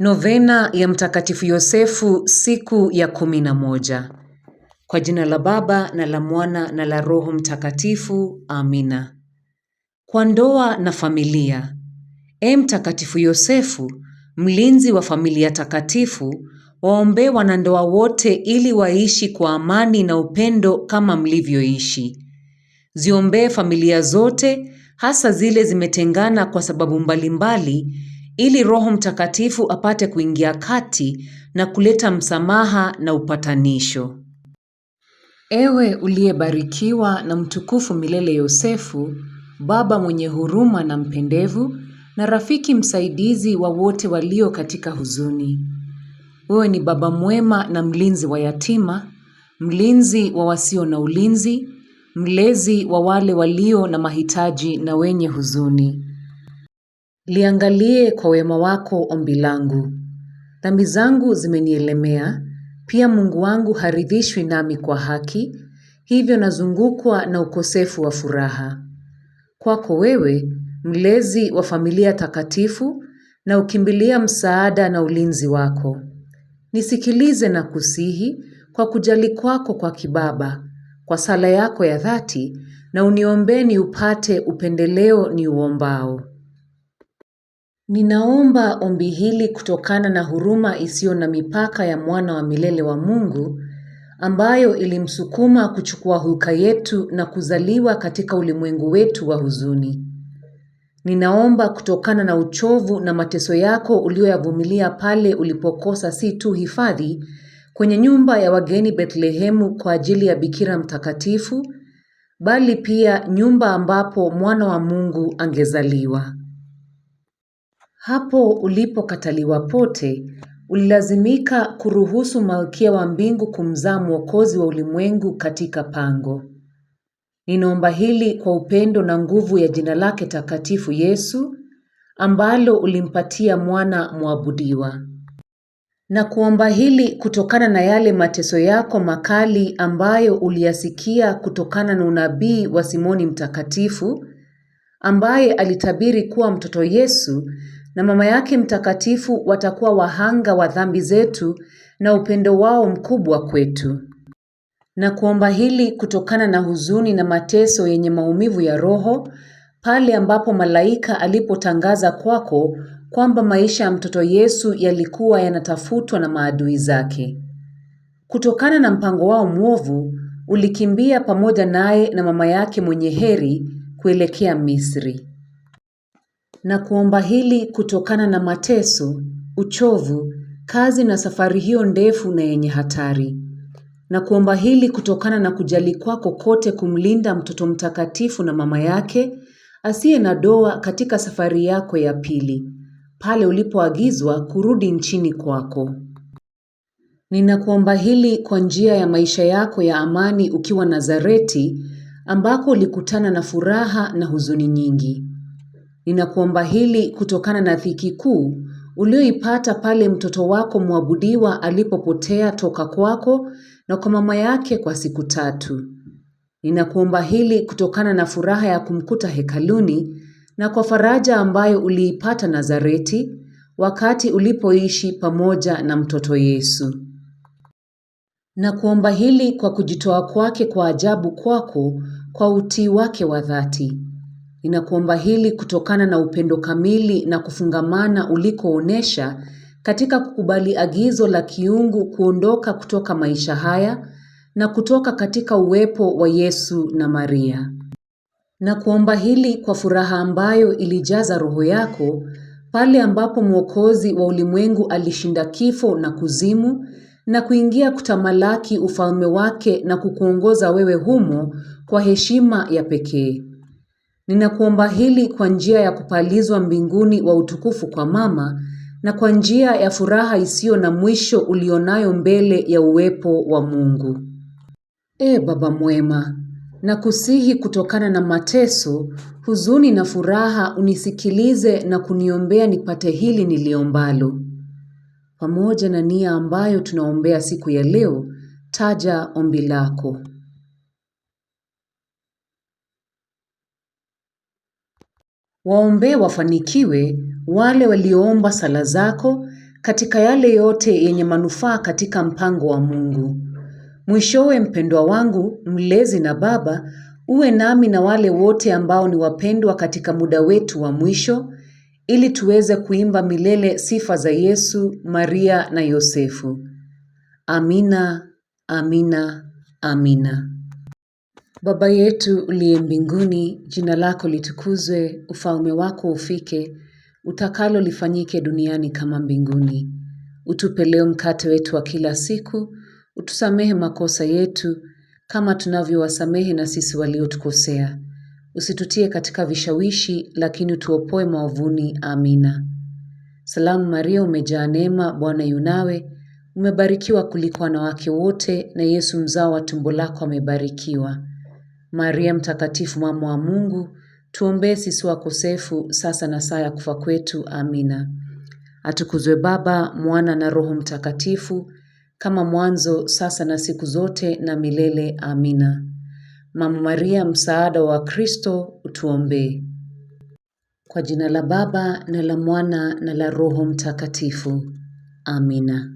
Novena ya Mtakatifu Yosefu, siku ya kumi na moja. Kwa jina la Baba na la Mwana na la Roho Mtakatifu, amina. Kwa ndoa na familia. E Mtakatifu Yosefu, mlinzi wa familia takatifu, waombee wanandoa wote ili waishi kwa amani na upendo kama mlivyoishi. Ziombee familia zote, hasa zile zimetengana kwa sababu mbalimbali ili Roho Mtakatifu apate kuingia kati na kuleta msamaha na upatanisho. Ewe uliyebarikiwa na mtukufu milele Yosefu, baba mwenye huruma na mpendevu, na rafiki msaidizi wa wote walio katika huzuni. Wewe ni baba mwema na mlinzi wa yatima, mlinzi wa wasio na ulinzi, mlezi wa wale walio na mahitaji na wenye huzuni. Liangalie kwa wema wako ombi langu. Dhambi zangu zimenielemea, pia Mungu wangu haridhishwi nami kwa haki, hivyo nazungukwa na ukosefu wa furaha. Kwako wewe, mlezi wa familia takatifu, na ukimbilia msaada na ulinzi wako. Nisikilize na kusihi kwa kujali kwako kwa kibaba, kwa sala yako ya dhati, na uniombee niupate upendeleo ni uombao Ninaomba ombi hili kutokana na huruma isiyo na mipaka ya mwana wa milele wa Mungu ambayo ilimsukuma kuchukua hulka yetu na kuzaliwa katika ulimwengu wetu wa huzuni. Ninaomba kutokana na uchovu na mateso yako uliyoyavumilia pale ulipokosa si tu hifadhi kwenye nyumba ya wageni Bethlehemu kwa ajili ya Bikira mtakatifu, bali pia nyumba ambapo mwana wa Mungu angezaliwa. Hapo ulipokataliwa pote, ulilazimika kuruhusu Malkia wa Mbingu kumzaa Mwokozi wa ulimwengu katika pango. Ninaomba hili kwa upendo na nguvu ya jina lake takatifu Yesu, ambalo ulimpatia mwana mwabudiwa. Na kuomba hili kutokana na yale mateso yako makali ambayo uliyasikia kutokana na unabii wa Simoni Mtakatifu, ambaye alitabiri kuwa mtoto Yesu na Mama yake Mtakatifu watakuwa wahanga wa dhambi zetu na upendo wao mkubwa kwetu. Na kuomba hili kutokana na huzuni na mateso yenye maumivu ya roho pale ambapo malaika alipotangaza kwako kwamba maisha ya mtoto Yesu yalikuwa yanatafutwa na maadui zake. Kutokana na mpango wao mwovu, ulikimbia pamoja naye na mama yake mwenye heri kuelekea Misri na kuomba hili kutokana na mateso, uchovu, kazi na safari hiyo ndefu na yenye hatari. Na kuomba hili kutokana na kujali kwako kote kumlinda mtoto mtakatifu na mama yake asiye na doa katika safari yako ya pili, pale ulipoagizwa kurudi nchini kwako. Ninakuomba hili kwa njia ya maisha yako ya amani ukiwa Nazareti ambako ulikutana na furaha na huzuni nyingi. Ninakuomba hili kutokana na dhiki kuu ulioipata pale mtoto wako mwabudiwa alipopotea toka kwako na kwa mama yake kwa siku tatu. Ninakuomba hili kutokana na furaha ya kumkuta hekaluni na kwa faraja ambayo uliipata Nazareti wakati ulipoishi pamoja na mtoto Yesu. Nakuomba hili kwa kujitoa kwake kwa ajabu kwako kwa utii wake wa dhati. Ninakuomba hili kutokana na upendo kamili na kufungamana ulikoonesha katika kukubali agizo la kiungu kuondoka kutoka maisha haya na kutoka katika uwepo wa Yesu na Maria. Nakuomba hili kwa furaha ambayo ilijaza roho yako pale ambapo Mwokozi wa ulimwengu alishinda kifo na kuzimu na kuingia kutamalaki ufalme wake na kukuongoza wewe humo kwa heshima ya pekee. Ninakuomba hili kwa njia ya kupalizwa mbinguni wa utukufu kwa Mama na kwa njia ya furaha isiyo na mwisho ulionayo mbele ya uwepo wa Mungu. E Baba mwema, nakusihi kutokana na mateso, huzuni na furaha unisikilize na kuniombea nipate hili niliombalo. Pamoja na nia ambayo tunaombea siku ya leo, taja ombi lako. Waombee wafanikiwe wale walioomba sala zako katika yale yote yenye manufaa katika mpango wa Mungu. Mwishowe, mpendwa wangu, mlezi na baba, uwe nami na wale wote ambao ni wapendwa katika muda wetu wa mwisho, ili tuweze kuimba milele sifa za Yesu, Maria na Yosefu. Amina, amina, amina. Baba yetu uliye mbinguni, jina lako litukuzwe, ufalme wako ufike, utakalo lifanyike duniani kama mbinguni. Utupe leo mkate wetu wa kila siku, utusamehe makosa yetu kama tunavyowasamehe na sisi waliotukosea, usitutie katika vishawishi, lakini utuopoe maovuni. Amina. Salamu Maria, umejaa neema, Bwana yunawe, umebarikiwa kuliko wanawake wote, na Yesu mzao wa tumbo lako amebarikiwa. Maria mtakatifu mama wa Mungu, tuombee sisi wakosefu sasa na saa ya kufa kwetu. Amina. Atukuzwe Baba, Mwana na Roho Mtakatifu, kama mwanzo, sasa na siku zote na milele. Amina. Mama Maria, msaada wa Kristo, utuombee. Kwa jina la Baba na la Mwana na la Roho Mtakatifu. Amina.